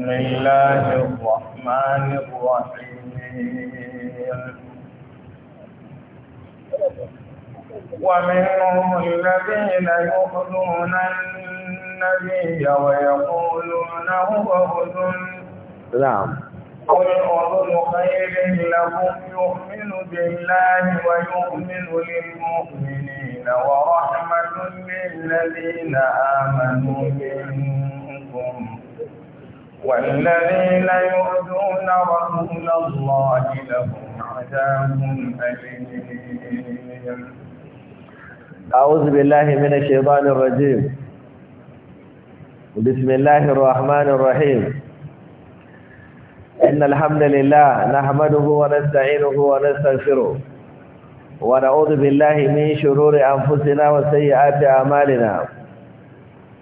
بسم الله الرحمن الرحيم ومنهم الذين يؤذون النبي ويقولون هو أذن نعم قل أذن خير لهم يؤمن بالله ويؤمن للمؤمنين ورحمة للذين آمنوا منكم والذين يؤذون رسول الله لهم عذاب أليم أعوذ بالله من الشيطان الرجيم بسم الله الرحمن الرحيم إن الحمد لله نحمده ونستعينه ونستغفره ونعوذ بالله من شرور أنفسنا وسيئات أعمالنا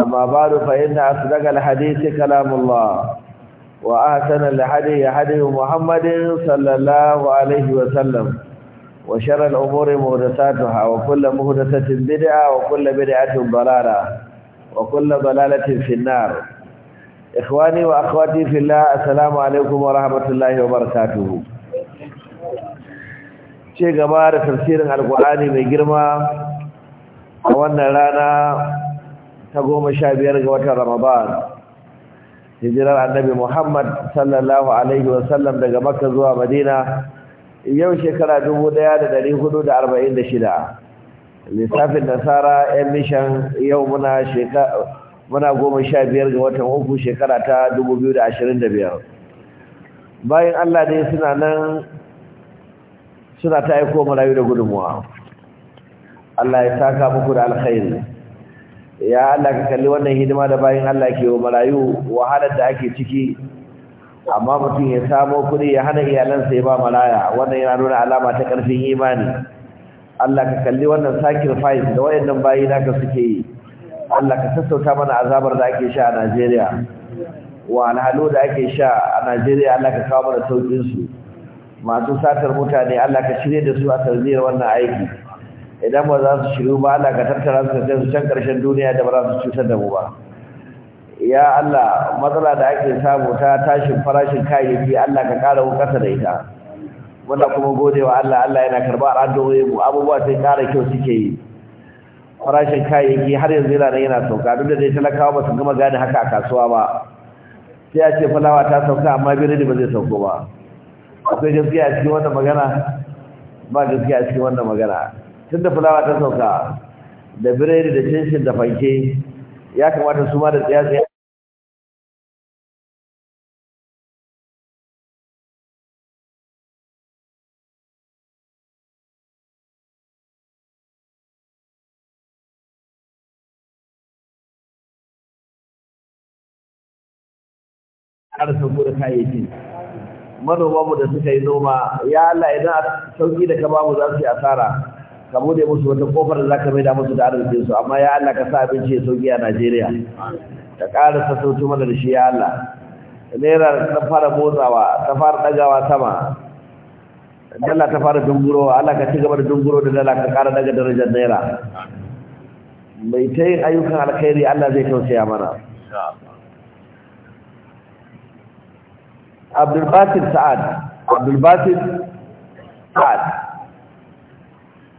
أما بعد فإن أصدق الحديث كلام الله وأحسن الهدي هدي محمد صلى الله عليه وسلم وشر الأمور مهدساتها وكل مهدسة بدعة وكل بدعة ضلالة وكل ضلالة في النار إخواني وأخواتي في الله السلام عليكم ورحمة الله وبركاته شيء جماعة تفسير القرآن من جرمى وأن رانا ta goma sha biyar ga watan Ramadan hijirar annabi Muhammad sallallahu alaihi wa sallam daga Makka zuwa Madina yau shekara dubu da da dari hudu arba'in shida. lissafin nasara yan mishan yau muna muna goma sha biyar ga watan uku shekara ta dubu biyu da da biyar. bayan Allah dai suna nan suna ta aiko marayu da gudunmuwa Allah ya saka muku da alkhairi ya Allah ka kalli wannan hidima da bayin Allah ke wa marayu wahalar da ake ciki amma mutum ya samo kuɗi ya hana iyalansa ya ba maraya wannan yana nuna alama ta ƙarfin imani Allah ka kalli wannan sacrifice da wayannan bayi naka suke yi Allah ka sassauta mana azabar da ake sha a Najeriya wa alhalu da ake sha a Najeriya Allah ka kawo mana sauƙin su masu satar mutane Allah ka shirye da su a tarbiyyar wannan aiki idan ba za su shiru ba Allah ka tattara su sai su can karshen duniya da ba za su cutar da mu ba ya Allah matsala da ake samu ta tashin farashin kayayyaki Allah ka ƙara wuka da ita muna kuma godewa Allah Allah yana karɓar addu'o'i mu abubuwa sai kara kyau suke yi farashin kayayyaki har yanzu yana yana sauka duk da dai talakawa ba su gama gane haka a kasuwa ba sai a ce fulawa ta sauka amma birni ba zai sauko ba akwai gaskiya a cikin wannan magana ba gaskiya a cikin wannan magana Tunda fulawa ta sauka da biredi da cincin da fanke ya kamata su ma da tsaya-tsaya sauko da kayayyaki manomanmu da suka yi noma ya Allah idan sauki da ka mu za su yi asara ka bude musu wata kofar da zaka maida musu da arziki su amma ya Allah ka sa abinci ya sauki a Najeriya ka ƙara sassauto mana da shi ya Allah naira ta fara motsawa ta fara dagawa sama dala ta fara dunguro. Allah ka ci gaba da dunguro da dala ka ƙara daga darajar naira mai ta yin ayyukan alkhairi Allah zai tausaya mana Abdul Basit Sa'ad Abdul Basit Sa'ad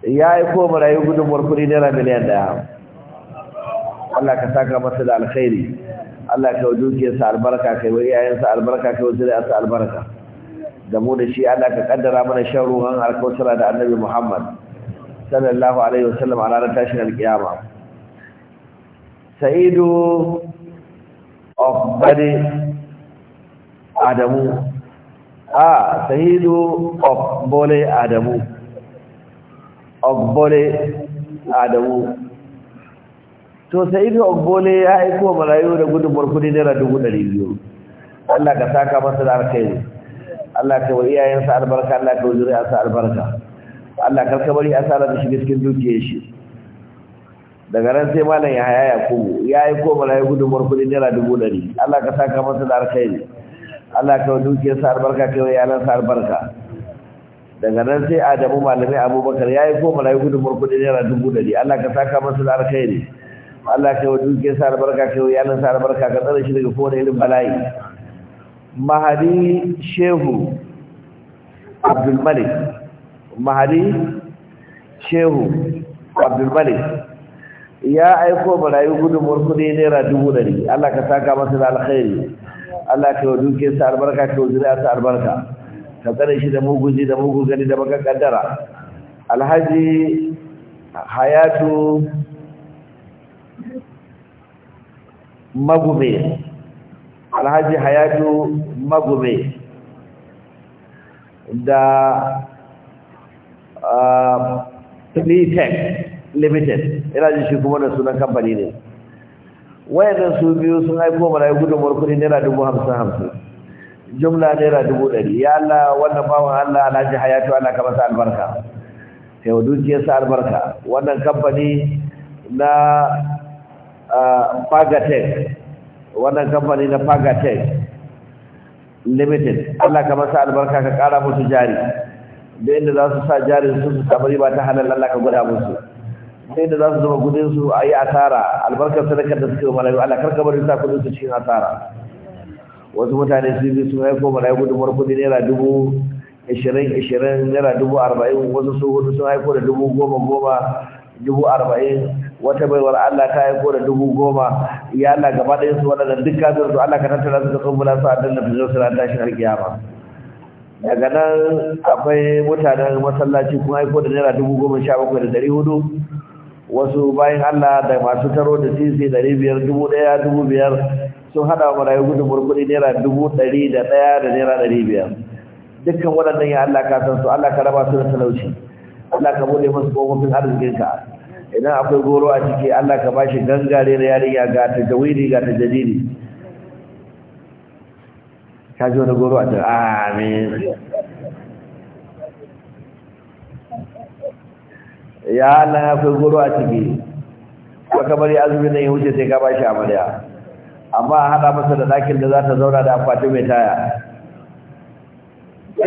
ya yi ko marayu gudun murkuri naira miliyan daya Allah ka saka masa da alkhairi Allah ka wa sa albarka kai wa iyayensa albarka kai wa sa albarka da mu da shi Allah ka kaddara mana shan ruwan alkawsara da annabi Muhammad sallallahu alaihi wasallam a ranar tashin alkiyama Sa'idu of Bade Adamu a ah, Sa'idu of Bole Adamu ogbole adamu to sa'idu ogbole ya aiko marayu da gudunmuwar kudi naira dubu ɗari biyu allah ka saka masa da alkhairi allah ka wa iyayensa albarka allah ka wa asa albarka allah ka bari asa da shiga cikin dukiyar shi daga ran sai malam ya haya ya kubu ya aiko marayu gudunmuwar kudi naira dubu ɗari allah ka saka masa da alkhairi allah ka wa dukiyarsa albarka ka wa iyalansa albarka daga nan sai adamu malamai abubakar ya yi koma rayu gudun murku da naira dubu dari. allah ka saka masu da alkhairi allah yi wa duke sa albarka yi wa iyalin sa albarka ka tsara shi daga kowane irin bala'i mahadi shehu abdulmalik mahadi shehu abdulmalik ya aiko gudun gudunmuwar kudi naira dubu dari. allah ka saka masu da alkhairi allah ka yi wa sa albarka ka yi wa sa albarka ka tsare shi da muguji da mugu gani da baka kaddara alhaji hayatu magume alhaji hayatu magume da uh, Limited ina ji shi kuma da sunan kamfani ne wayannan su biyu sun haifo mana gudunmuwar kudi nera dubu hamsin hamsin jumla naira dubu ɗari ya Allah wannan bawan Allah alhaji hayatu Allah ka masa albarka sai sa albarka wannan kamfani na Pagatech wannan kamfani na Pagatech limited Allah ka masa albarka ka kara musu jari da inda za su sa jari su su samu riba ta halal Allah ka gwada musu da inda za su zama gudun su a yi asara albarkar sadakar da suke wa malayu Allah karka bari sa kudin su cikin asara wasu mutane su bi sun aiko marayu gudunmuwar kudi naira dubu ishirin ishirin naira dubu arba'in wasu su hudu sun aiko da dubu goma goma dubu arba'in wata baiwar Allah ta aiko da dubu goma ya Allah gaba ɗayan su waɗannan duk kafin su Allah ka tattara su ka bula su a danna fizar su ran tashin alkiyama daga nan akwai mutanen masallaci kuma aiko da naira dubu goma sha bakwai da ɗari hudu wasu bayan Allah da masu taro da sisi ɗari biyar dubu ɗaya dubu biyar sun hada marayu gudun burburi naira dubu ɗari da ɗaya da naira ɗari biyar dukkan waɗannan ya Allah ka san su Allah ka raba su da talauci Allah ka bude musu kofofin arzikinka idan akwai goro a ciki Allah ka bashi gangare na yarinya ga ta jawiri ga ta jadiri ka ji wani goro a ta amin ya Allah akwai goro a ciki kamar bari azumi na ya wuce sai ka bashi amarya amma a haɗa masa da ɗakin da za ta zauna da akwati mai taya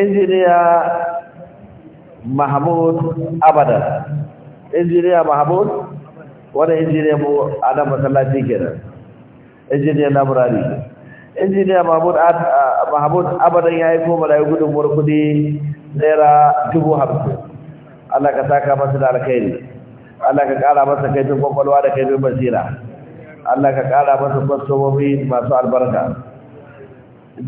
injiniya mahmud abadan injiniya mahmud wani injiniya mu a nan masallaci kenan injiniya murari injiniya mahmud abadan ya yi koma da ya gudun murkudi naira dubu hamsin allah ka saka masa da alkhairi allah ka kara masa kaifin kwakwalwa da kaifin basira Allah ka kara masa kwastomomi masu albarka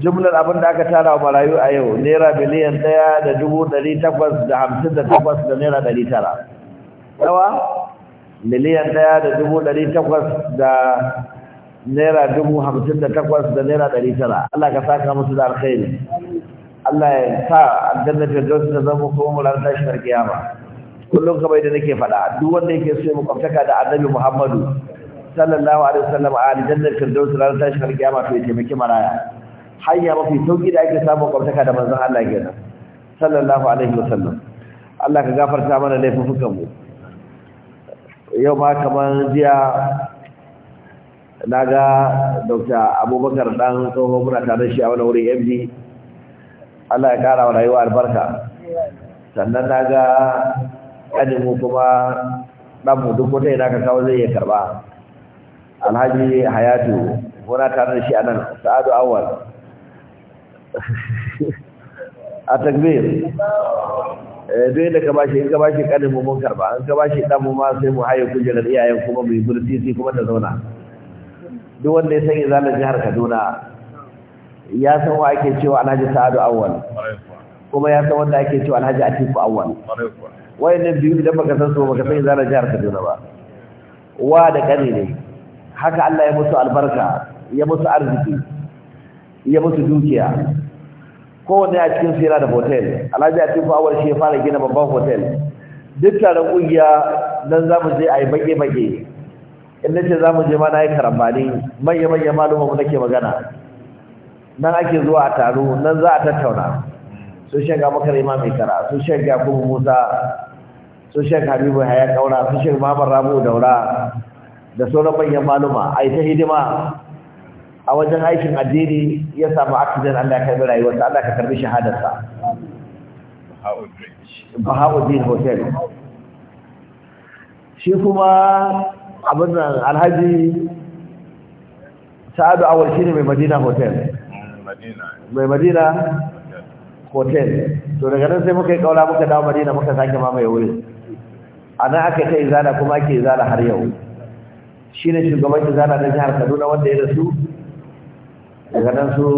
jumlar abin da aka tara wa marayu a yau naira miliyan ɗaya da dubu ɗari takwas da hamsin da takwas da naira ɗari tara yawa miliyan ɗaya da dubu ɗari takwas da naira dubu hamsin da takwas da naira ɗari tara Allah ka saka musu da alkhairi Allah ya sa aljanna da ta zama kuma mu ranar tashin kiyama kullum kamar yadda nake faɗa duk wanda yake so ya kwamtaka da annabi Muhammadu sallallahu alaihi wasallam a aljannar firdaus ran tashin alkiyama to ya taimaki maraya hanya mafi sauki da ake samu kwamtaka da manzon Allah kenan sallallahu alaihi wasallam Allah ka gafarta mana laifukan mu yau ma kaman jiya naga Dr. Abubakar dan tsoho muna tare shi a wani wurin MD Allah ya kara wa rayuwa albarka sannan naga ga mu kuma dan mu duk wata ya ka kawo zai ya karba alhaji hayatu muna tare da shi a nan sa'adu awal a takbir eh, Don da ka bashi in ka bashi kanin mu munkar ba an ka bashi dan mu ma sai mu haye kujerar iyayen kuma mu yi burtisi kuma ta zauna duk wanda ya san izalar jihar Kaduna ya san wa ake cewa Alhaji Sa'adu Awwal kuma ya san wanda ake cewa Alhaji Atiku Awwal wayannan biyu idan baka san su baka san izalar jihar Kaduna ba wa da kani ne haka Allah ya musu albarka ya musu arziki ya musu dukiya kowane a cikin sira da hotel alhaji a cikin awar shi ya fara gina babban hotel duk taron kungiya nan za je a bage-bage in nace zamu je ma na yi karambani manya-manya mu nake magana nan ake zuwa a taro nan za a tattauna sun shaga makar mai kara, sun shaga kuma musa sun shaga habibu haya kaura sun shaga mamar rabu daura da sauran manyan maluma a ta hidima a wajen aikin addini ya samu accident Allah ya karbi rayuwarsa Allah ka karbi shahadarsa Bahauddin Hotel shi kuma abin nan Alhaji Sa'adu Awal shine mai Madina Hotel mai Madina Hotel to daga nan sai muka yi kaula muka dawo Madina muka sake mamaye wuri. a nan aka kai zana kuma ake zana har yau shi ne shugaban izana na jihar kaduna wanda ya rasu daga nan su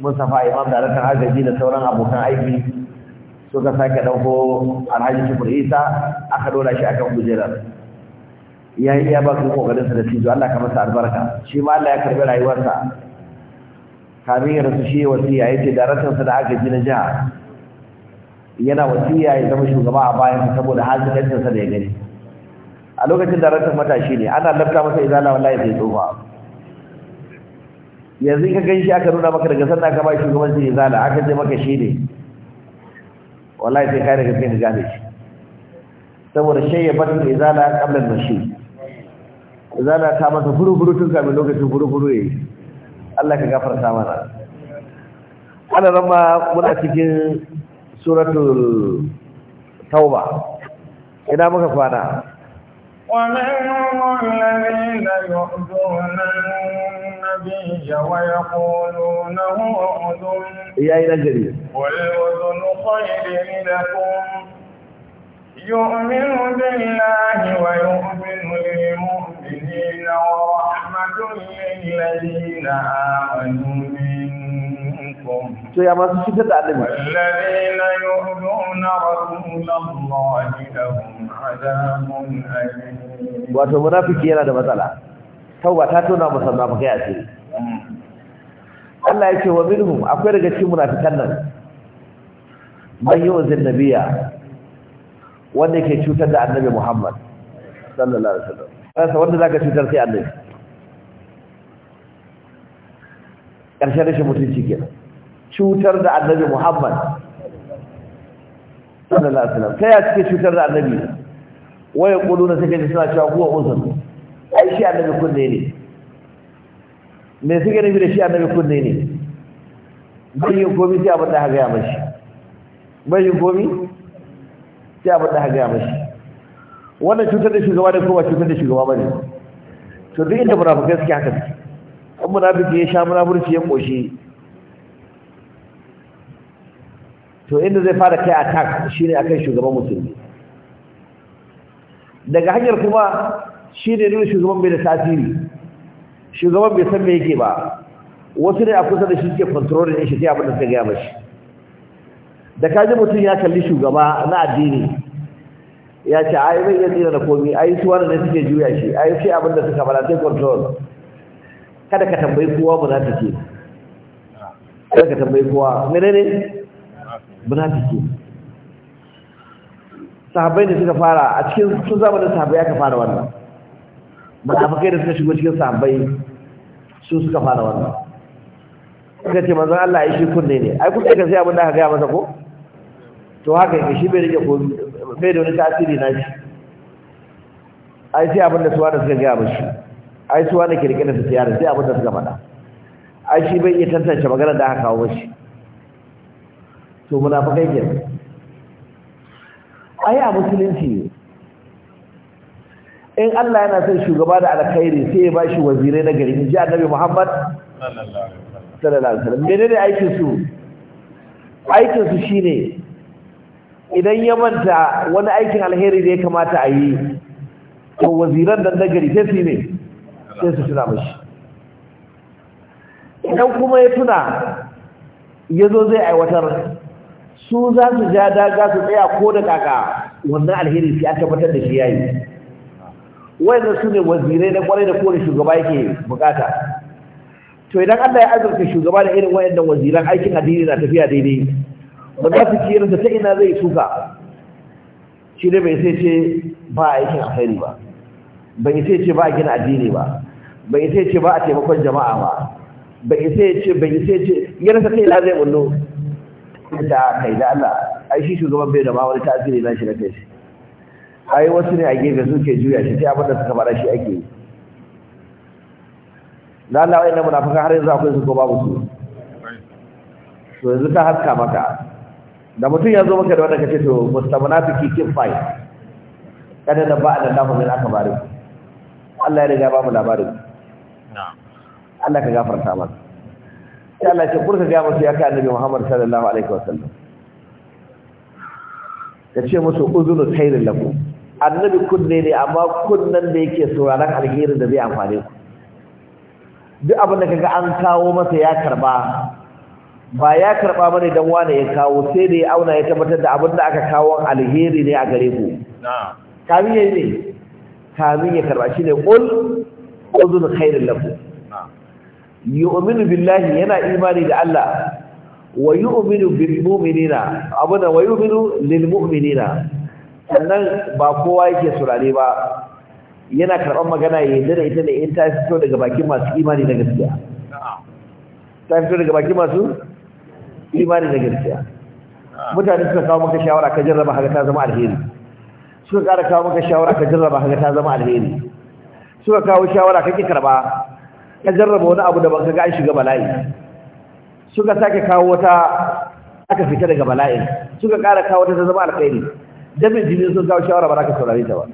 mustapha imam da rakan agaji da sauran abokan aiki suka sake ɗauko alhaji shukur isa aka dora shi akan kujerar ya yi iya ba su kokarinsa da cizo allah ka masa albarka shi ma allah ya karbi rayuwarsa kamin ya rasu shi wasiya ya ce daratarsa da agaji na jiha yana wasiya ya zama shugaba a bayan saboda hajji ɗancinsa da ya gani a lokacin da rantar matashi ne ana lafta masa izala wallahi zai tsofa yanzu ka gan shi aka nuna maka daga sannan aka ba shi shugabancin izala aka je maka shi ne wallahi sai kai daga kai ka gane shi saboda ya batin izala kablan mashi izala ta masa furu-furu tun kamin lokacin furu-furu yayi Allah ka gafarta mana ana rama muna cikin suratul tauba ina muka kwana ومنهم الذين يؤذون النبي ويقولون هو أذن يا نجري والأذن خير لكم يؤمن بالله ويؤمن للمؤمنين ورحمة للذين آمنوا منكم والذين يؤذون رسول الله لهم wato munafiki yana da matsala tauba ta tona masa munafikai asiri Allah ya ce wa minhum akwai daga cikin munafikan nan man yu'zin nabiyya wanda yake cutar da annabi Muhammad sallallahu alaihi wasallam sai wanda zaka cutar sai annabi da rashin mutunci kenan cutar da annabi Muhammad sallallahu alaihi wasallam sai ya cike cutar da annabi waye yaquluna na ji suna cewa kuwa uzur ai shi annabi kunne ne me sike ne bi shi annabi kunne ne bai gobi komi sai abin da haka ya mashi bai gobi sai abin da mashi wannan cutar da shugaba da kuma cutar da shugaba bane to duk inda fuka suke haka suke in munafiki ya sha munafurci ya koshi to inda zai fara kai attack shine akan shugaban musulmi daga hanyar kuma shi ne nuna shugaban bai da tasiri shugaban bai san me yake ba wasu ne a kusa da shi ke kontrolin ɗin shi ta abin da ta gaya mashi da kaji mutum ya kalli shugaba na addini ya ce ai bai iya tsira da komi ai su wani ne suke juya shi ai sai abin da suka bala sai control kada ka tambayi kowa ba za ta ce kada ka tambayi kowa menene ba za ta ce sahabbai da suka fara a cikin sun zama da sahabbai aka fara wannan munafikai da suka shigo cikin sahabbai su suka fara wannan suka ce manzon Allah ya shi kunne ne ai kun ka sai abin da aka gaya masa ko to haka yake shi bai rike ko bai da wani tasiri na shi ai sai abin da suwa da suka gaya mashi ai suwa da ke rike da tsiyar sai abin da suka faɗa ai shi bai iya tantance magana da aka kawo mashi to munafikai kenan ayi a musulunci in Allah yana son shugaba da alkhairi sai ya bashi wazirai na gari ji annabi Muhammad sallallahu alaihi wasallam menene aikin su aikin su shine idan ya manta wani aikin alheri da ya kamata a yi to waziran da nagari sai su ne sai su tuna mashi idan kuma ya tuna ya zo zai aiwatar su za su ja daga su tsaya ko da kaka wannan alheri sai an tabbatar da shi yayi wayannan su ne wazirai na kwarai da kowane shugaba yake bukata to idan Allah ya azurta shugaba da irin wayannan waziran aikin addini na tafiya daidai ba za su ci da ta ina zai suka shi ne bai sai ce ba aikin alheri ba bai sai ce ba a gina addini ba bai sai ce ba a taimakon jama'a ba bai sai ce bai sai ce yana kai na zai bullo da kai da Allah ai shi shugaban bai da ma wani tasiri na shi na kai shi ai wasu ne a gefe suke juya shi sai abin da suka fara shi ake yi da Allah na munafika har yanzu akwai su ko babu su to yanzu ta haska maka da mutum ya zo maka da wanda ka ce to mustamanafiki kin fai kada da ba da dafa min aka bari Allah ya riga ba mu labarin Allah ka gafarta maka sai Allah ya burka ga musu ya kai annabi Muhammad sallallahu alaihi wasallam ce musu uzunu khairin lafu. annabi kunne ne amma kunnan da yake sauraron alherin da zai amfane ku duk abin da kaga an kawo masa ya karba ba ya karba bane dan wane ya kawo sai da ya auna ya tabbatar da abin da aka kawo alheri ne a gare ku kamin yi ne kamin ya karba ne qul uzunu khairin lafu. yu'minu billahi yana imani da Allah wa yu'minu bil mu'minina abuna wa yu'minu lil mu'minina sannan ba kowa yake surare ba yana karɓar magana ya da ita ne in ta fito daga bakin masu imani da gaskiya ta fito daga bakin masu imani da gaskiya mutane suka kawo maka shawara ka jarraba haka ta zama alheri suka kawo maka shawara ka jarraba haka ta zama alheri suka kawo shawara kake karba. ka jarraba wani abu da ban ka an shiga bala'i suka sake kawo wata aka fita daga bala'i suka kara kawo wata ta zama alkhairi jami'in jini sun kawo shawara ba za ka saurari ta ba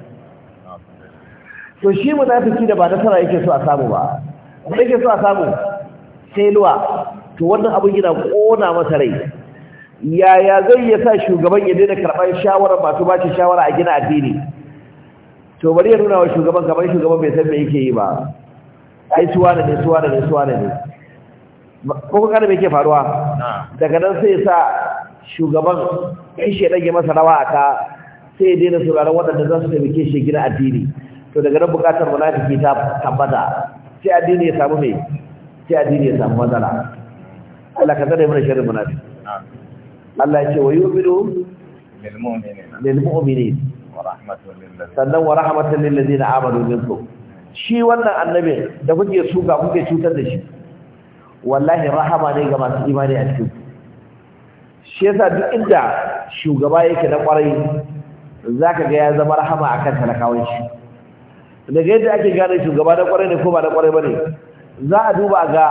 to shi mu munafiki da ba nasara yake so a samu ba kuma yake so a samu sai luwa to wannan abin yana kona masa rai yaya zai ya sa shugaban ya daina karɓar shawarar masu ba shi shawara a gina addini to bari ya nuna wa shugaban kamar shugaban bai san me yake yi ba ai suwa da ne suwa da ne suwa da ne ko me ke faruwa daga nan sai sa shugaban in shi dage masa rawa a ka sai ya daina sauraron waɗanda za su taimake shi gina addini to daga nan buƙatar munafiki ta tabbata sai addini ya samu mai sai addini ya samu matsala Allah ka zare mana na munafiki Allah ya ce wa yu'minu lil mu'minina lil mu'minin wa rahmatan lil ladina amanu minkum shi wannan annabi da kuke suka kuke cutar da shi wallahi rahama ne ga masu imani a cikin shi yasa duk inda shugaba yake na kwarai zaka ga ya zama rahama akan talakawan shi daga yadda ake gane shugaba na kwarai ne ko ba na kwarai bane za a duba ga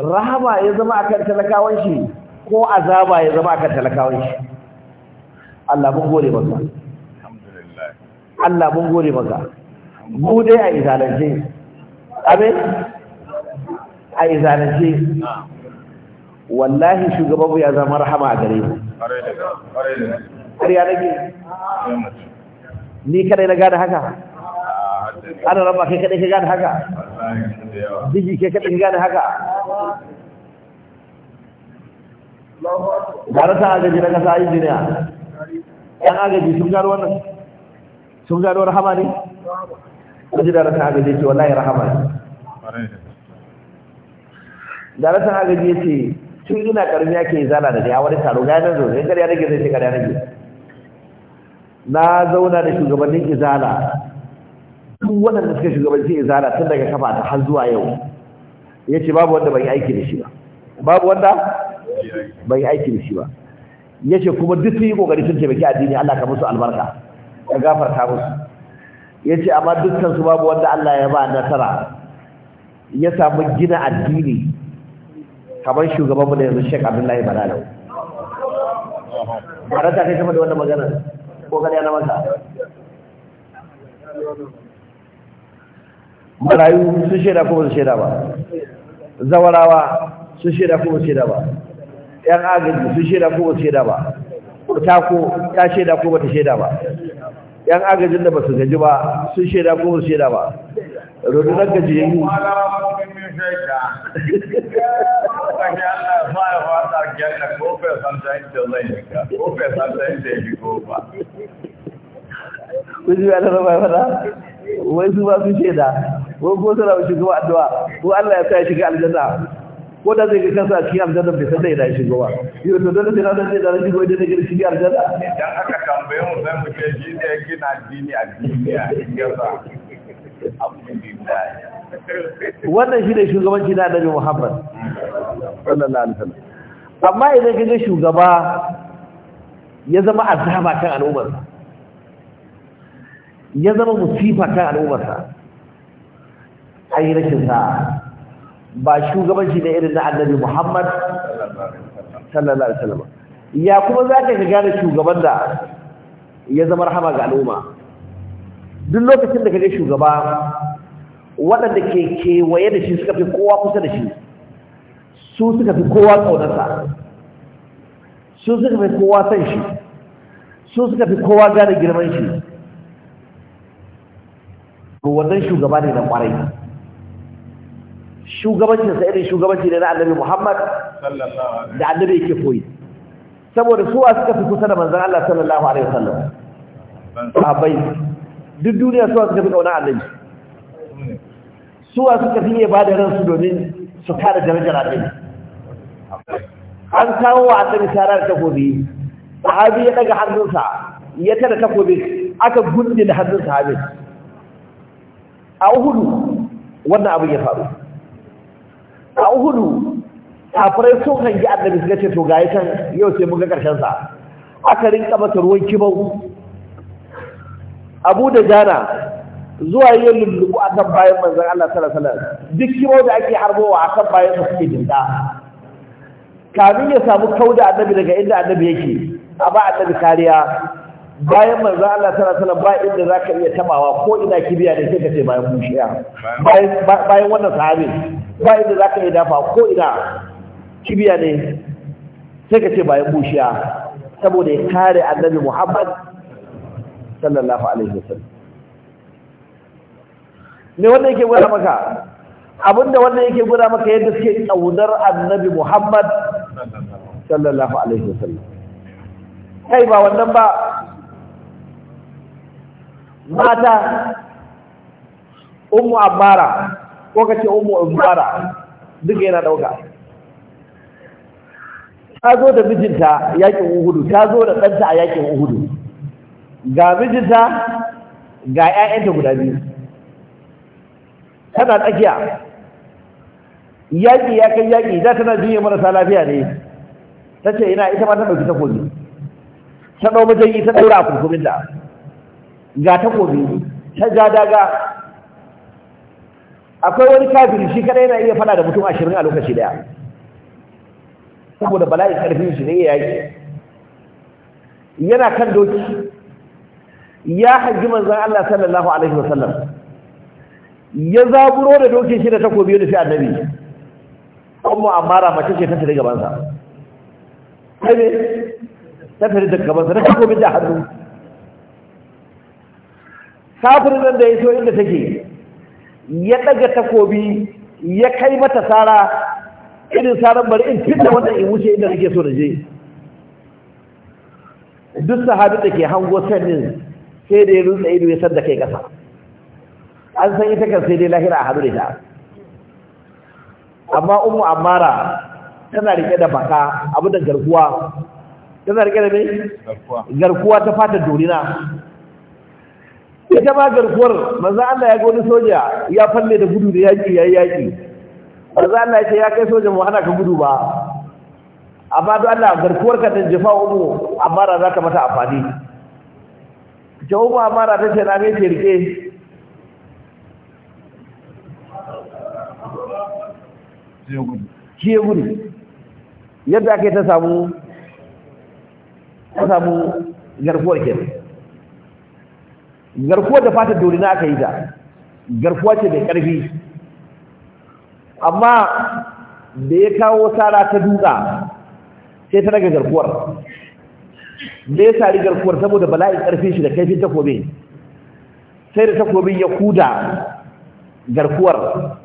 rahama ya zama akan talakawan shi ko azaba ya zama akan talakawan shi Allah mun gode maka Allah mun gode maka bude a izalance abin a izalance wallahi shugabanmu ya zama rahama a gare mu har ya ni kadai na gada haka ana rama kai kadai ka gada haka jiji kai kadai ka gada haka gara ta agaji na kasa injiniya yan agaji sun gano wannan sun gano rahama ne kaji da rasa agaji yake wallahi rahama ne da rasa agaji tun ina karmi ke zana da a wani taro gaya nan zo in kariya nake zai ce kariya nake na zauna da shugabannin izala wannan waɗanda suka shugabanci izala tun daga kafa ta har zuwa yau ya ce babu wanda bai aiki da shi ba babu wanda bai aiki da shi ba ya ce kuma duk sun yi ƙoƙari sun taimaki addini Allah ka musu albarka ka gafarta musu Ya ce amma dukkan su babu wanda Allah ya ba nasara ya samu gina addini kamar shugabanmu da yanzu Sheikh Abdullahi Balalau ba ta kai sama da wannan magana ko kada yana maka marayu sun shaida ko su shaida ba zawarawa sun shaida ko su shaida ba yan agaji sun shaida ko su shaida ba ko ta ko ta shaida ko ta shaida ba yan agajin da ba su gaji ba sun shaida ko su shaida ba rundunar gaji ya yi ji ya tara bai fada wai su ba su shaida Ko ko suna shugaba addu'a ko Allah ya sa shiga aljanna ko da zai ga kansa a cikin aljanna bai san da ya shigo ba yau to dole sai na sai da shigo idan da gidan cikin aljanna dan aka tambaye mu zan mu ce shi da yake na dini a duniya yasa wannan shi ne shugabanci na annabi Muhammad sallallahu alaihi wasallam amma idan kaga shugaba ya zama azaba kan al'ummar, ya zama musifa kan sa ai rashin sa'a ba shugabanci ne irin na annabi Muhammad sallallahu alaihi wasallam ya kuma zaka ga gane shugaban da ya zama rahama ga al'umma duk lokacin da kaje shugaba waɗanda ke kewaye da shi suka fi kowa kusa da shi su suka fi kowa ƙaunarsa su suka fi kowa san shi su suka fi kowa gane girman shi wannan shugaba ne na ƙwarai shugabancinsa irin shugabanci ne na annabi Muhammad da annabi yake koyi saboda suwa suka fi kusa da manzan Allah sallallahu alaihi wasallam sahabbai duk duniya suwa suka fi kauna annabi suwa suka fi ba da ransu domin su kada darajar annabi an kawo wa annabi sarar takobi sahabi ya daga hannunsa ya tada takobi aka gunde da hannun sahabin a uhudu wannan abin ya faru uhudu kafirai sun hangi annabi su gace to ga yi can yau sai mun ga karshen sa aka rinka masa ruwan kibau abu da jana zuwa yin lullubu a kan bayan manzan Allah salasalar duk kibau da ake harbowa a kan bayan su suke jinta kamin ya samu kau da annabi daga inda annabi yake a ba annabi kariya bayan manzo Allah sallallahu alaihi wasallam ba inda zaka iya tabawa ko ina kibiya ne sai ka ce bayan mushiya bayan bayan wannan sahabi ba inda zaka iya dafa ko ina kibiya ne sai ka ce bayan mushiya saboda ya kare annabi Muhammad sallallahu alaihi wasallam ne wannan yake gwada maka abinda wannan yake gwada maka yadda suke tsaunar annabi Muhammad sallallahu alaihi wasallam kai ba wannan ba mata ummu abara ko kace ummu abara duk yana dauka ta zo da mijinta yakin uhudu ta zo da danta a yakin uhudu ga mijinta ga ƴaƴanta guda biyu tana tsakiya yaƙi ya kai yaƙi da tana jiye marasa lafiya ne ta ce ina ita ma ta ɗauki takobi ta ɗau majanyi ta ɗaura a da ga takobi ta ja daga akwai wani kafiri shi kada yana iya fada da mutum ashirin a lokaci daya saboda bala'i karfin shi ne ya yi yana kan doki ya hangi manzan Allah sallallahu alaihi wasallam ya zaburo da dokin shi da takobi da fi annabi ummu amara mace ce ta tare gabansa. ta tare da ta da takobi da hannu kafirin nan da ya so inda take ya daga takobi ya kai mata sara irin saran bari in fitta wannan in wuce inda nake so da je duk sahabi da ke hango sannin sai da ya rutsa ido ya sanda kai ƙasa. an san ita kan sai dai lahira a hadu da ita amma umu amara tana rike da baka abu da garkuwa tana rike da me garkuwa ta fata dorina ita ma garkuwar manzo Allah ya ga wani soja ya falle da gudu da yaki yayi yaki manzo Allah ya ce ya kai soja mu hana ka gudu ba amma don Allah garkuwar ka ta jifa umu amara za ka mata amfani ce umu amara ta ce na me ce rike kiye gudu yadda ake ta samu ta samu garkuwar kenan garkuwar da fatar dorina aka yi ta garkuwa ce mai ƙarfi amma da ya kawo sara ta duka sai ta daga garkuwar da ya sari garkuwar saboda bala'in ƙarfin shi da kaifin takobi, sai da takobin ya kuda garkuwar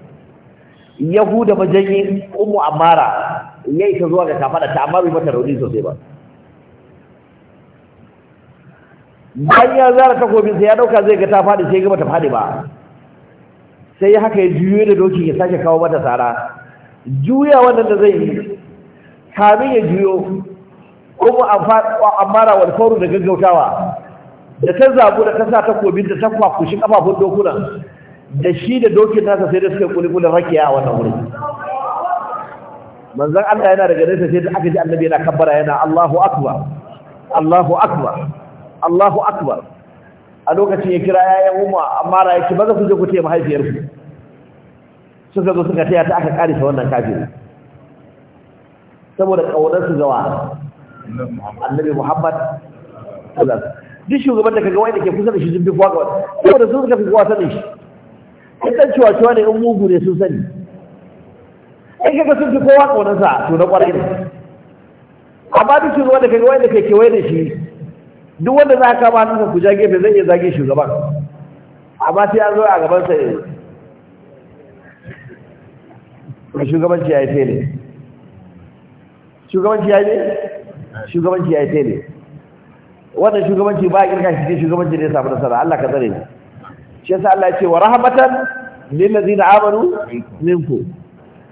ya huda majanyin umu amara ya isa zuwa ga kafaɗa ta amma bai mata rauni sosai ba bayan ya zara takobin sai ya dauka zai ga ta fadi sai ga bata fadi ba sai haka ya juyo da doki ya sake kawo mata tsara juya wannan da zai yi kamin ya juyo kuma amara wal fauru da gaggautawa da ta zabu da ta sa takobin da ta kwakushi kafafun dokunan da shi da dokin nasa sai da suka kulikulin rakiya a wannan wuri manzon Allah yana daga nesa sai da aka ji annabi yana kabbara yana Allahu akbar Allahu akbar Allahu akbar a lokacin ya kira yayan umma amma ra yake za ku je ku taya mahaifiyar ku suka zo suka taya ta aka kare sa wannan kafiri saboda kaunar su gawa annabi Muhammad duk shugaban da kaga wai da ke kusa da shi sun bi kwa gaba saboda sun suka fi kwa sanin shi in dan cewa cewa ne in mugu ne sun sani in kaga sun fi kowa sa to na kwarai ne amma duk shugaban da kaga wai da ke kewaye da shi duk wanda za ka ba nasa kuja gefe zai iya zage shugaban amma sai an zo a gaban sa ne eh. shugabanci ya yi fele shugabanci ya yi ne shugabanci ya yi fele wannan shugabanci ba a kirka shi shugabanci ne ya samu nasara Allah ka tsare ni. shi yasa Allah ya ce wa rahmatan lil ladina amanu minku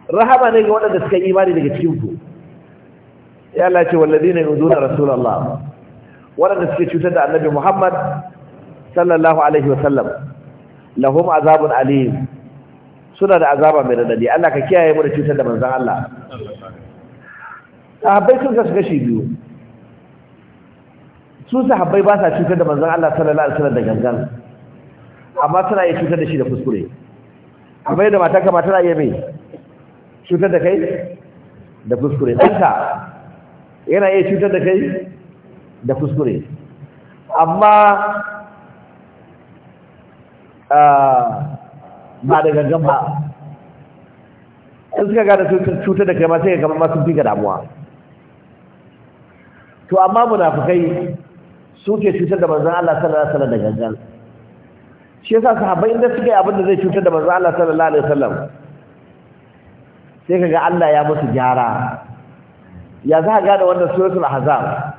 rahama ne ga waɗanda suka yi imani daga cikin ku ya Allah ya ce wal ladina yuzuna rasulullah waɗanda suke cutar da annabi Muhammad sallallahu alaihi wasallam lahum azabun alim suna da azaba mai radadi Allah ka kiyaye mu da cutar da manzon Allah sahabbai sun kasu kashi biyu su sahabbai ba sa cutar da manzon Allah sallallahu alaihi wasallam da gangan amma suna iya cutar da shi da kuskure amma yadda mata kama tana iya mai cutar da kai da kuskure ɗanka yana iya cutar da kai da kuskure amma ah, ba da gangan ba in suka gada cutar da kai ma sai kamar masu fi ga damuwa to amma munafukai suke cutar da manzan Allah sallallahu alaihi wasallam da gangan shi yasa sahabbai inda suka yi abin da zai cutar da manzan Allah sallallahu alaihi wasallam sai kaga Allah ya musu gyara ya za ga da wannan suratul ahzab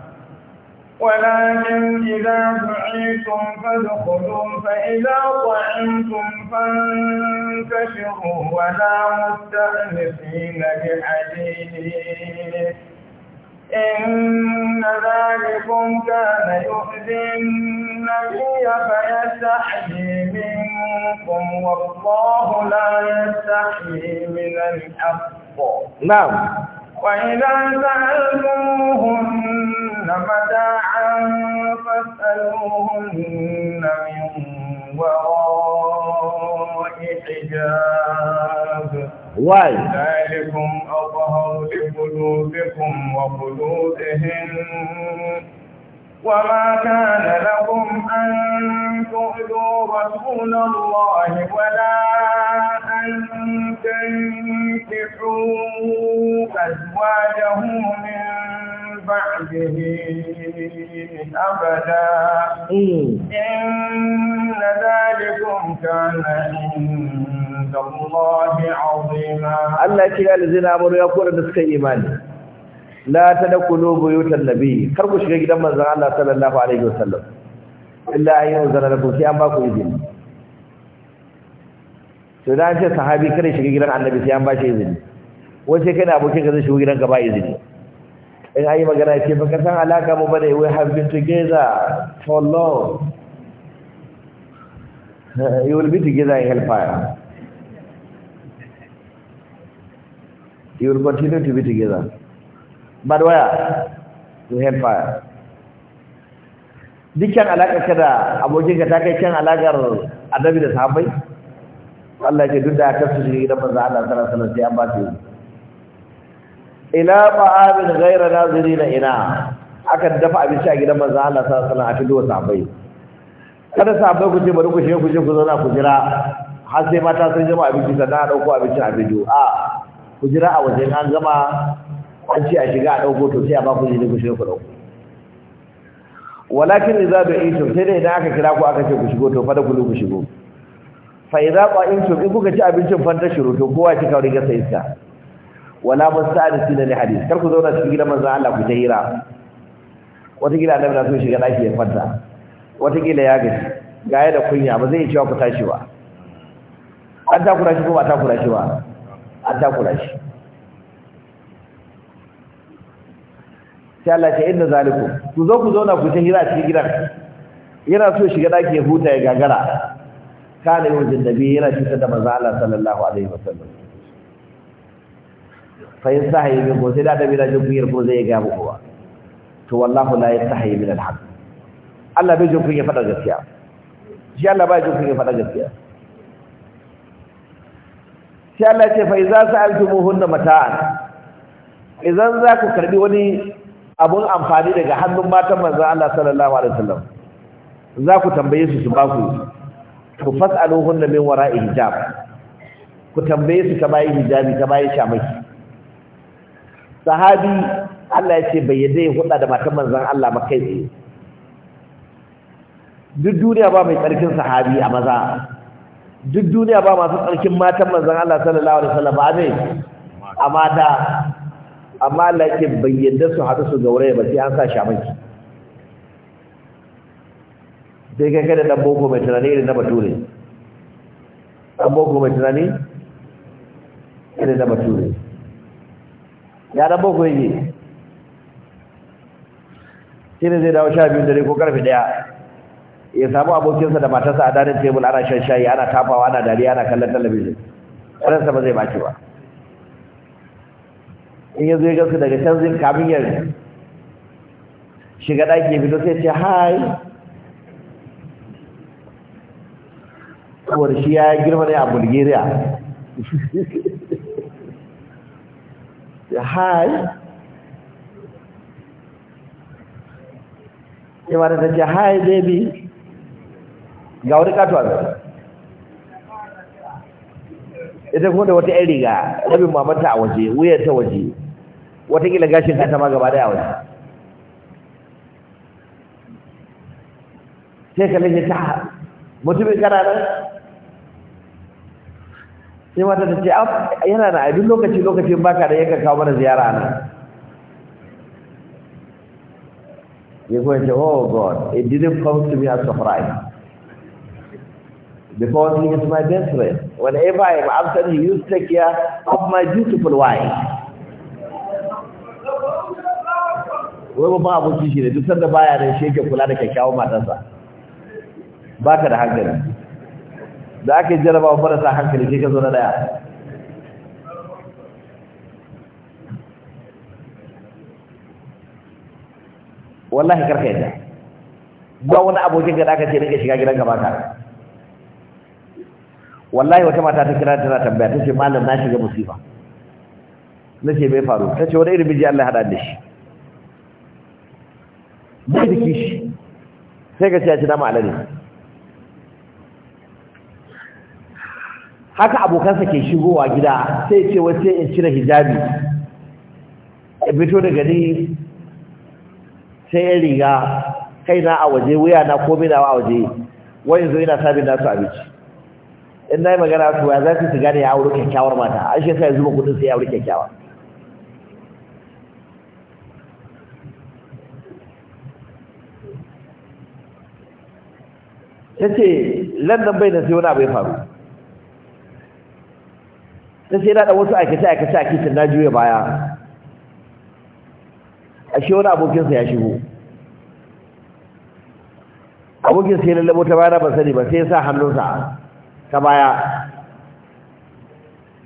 ولكن إذا دعيتم فادخلوا فإذا طعمتم فانتشروا ولا مستأنسين بحديث إن ذلكم كان يؤذي النبي فيستحيي منكم والله لا يستحيي من الحق نعم وإذا سألتموهن متاعا فاسألوهن من وراء حجاب واي ذلكم أطهر لقلوبكم وقلوبهن وما كان لكم أن تؤذوا رسول الله ولا أن تنكحوا أزواجه من بعده أبدا إن ذلكم كان عند الله عظيما الله يجعل الذين آمنوا يقول أن إيماني la tadkhulu buyutan nabi kar ku shiga gidan manzon Allah sallallahu alaihi wasallam illa ayyun zalalakum sai an ba ku izini to dan ce sahabi kare shiga gidan annabi sai an ba shi izini wace kai na abokin ka zai shiga gidan ka ba izini in ayi magana ce baka san alaka mu bane we have been together for long you will be together in hellfire you will continue to be together bad waya to hellfire dukkan alaƙar ka da abokinka ta kai kan alaƙar adabi da sahabbai Allah ke duk da aka su shi gidan manzo Allah sallallahu alaihi wasallam an ba su ila ma'abin ghayra nazirina ina akan dafa abinci a gidan manzo Allah sallallahu alaihi wasallam a tudu sahabbai kada sahabbai ku ce bari ku shiga ku je ku zauna ku jira har sai mata sun jama abinci sannan a dauko abincin a bidu a ku jira a wajen an gama an ce a shiga a ɗauko to sai a ba ku izini ku shiga ku ɗauko walakin idza du'itum sai dai idan aka kira ku aka ce ku shigo to fa da ku ku shigo fa idza ba in kuka ci abincin fanta shiru to kowa ki kauri ga sai iska wala musta'disin li hadith kar ku zauna cikin gidan manzon Allah ku tahira wata gida annabi na so shiga daki ya fanta wata gida ya gaji gaya da kunya ba zai cewa ku tashi ba an takura shi ko ba takura shi ba an takura shi sai Allah ya inna zalikum ku zo ku na ku ta hira cikin gidan yana so shiga daki ya huta ya gagara kana yau jindabi yana cutar da manzo Allah sallallahu alaihi wasallam fa in sahayi min ko sai da da jin kuyar ko zai ga kowa to wallahu la yastahi min alhaq Allah bai jin ya fada gaskiya shi Allah bai jin ya fada gaskiya shi Allah ya ce fa iza sa'altumuhunna mata'an idan za ku karbi wani abun amfani daga hannun matan manzon Allah sallallahu alaihi wasallam za ku tambaye su su ba ku ku hunna min wara'i hijab ku tambaye su ta bayi hijabi ta bayi shamaki sahabi Allah ya ce bai yadda ya huɗa da matan manzon Allah ba kai tsaye duk duniya ba mai tsarkin sahabi a maza duk duniya ba masu tsarkin matan manzon Allah sallallahu alaihi wasallam ba ne amma da amma Allah yake su haɗu su gauraya ba sai an sa shamanki sai kai kada da boko mai tunani irin na bature dan boko mai tunani irin na bature ya dan boko yake shi ne zai dawo sha biyu dare ko karfe daya ya samu abokinsa da matarsa a danin tebul ana shan shayi ana tafawa ana dariya ana kallon talabijin ransa ba zai baki ba in ya ya gasu daga can zai kamin ya shiga ɗaki ya fito sai ce hai kowar shi ya girma ne a bulgaria hai yawa da ta ce hai baby ga wani katon ita kuma da wata 'yan riga rabin mamanta a waje wuyar ta waje watakila gashin kanta ma gaba daya waje sai ka lalle ta mutumin kana nan sai mata ta ce yana na abin lokaci lokacin baka da yakan kawo mana ziyara nan You're going to, oh God, it didn't come to me as a surprise. Because he is my best friend. Whenever I am absent, he used to take care of my beautiful wife. wai ba abokin shi ne duk sanda baya ne shi yake kula da kyakkyawan matarsa ba ka da hankali da aka yi wa marasa hankali ke ka zo na daya wallahi karka yadda ba wani abokin ka da aka ce rike shiga gidan ka baka wallahi wata mata ta kira tana tambaya ta ce malam na shiga musifa na ce bai faru ta ce wani irin miji Allah ya haɗa da shi bai da kishi sai ka ce ya ci dama alade haka abokansa ke shigowa gida sai ce wasu in cire hijabi ya fito daga ni sai ya riga kaina a waje wuya na komi na a waje wani zo yana sabi nasu abinci in na yi magana su ya za su gane ya auri kyakkyawar mata an shi sai ya zuba kudin sai ya auri kyakkyawa. ta ce lannan bai nan sai wani abu ya faru ta ce na da wasu aikace aikace a kicin na juya baya a shi wani abokinsa ya shigo abokinsa ya lallabo ta bayana ban sani ba sai ya sa hannunsa ta baya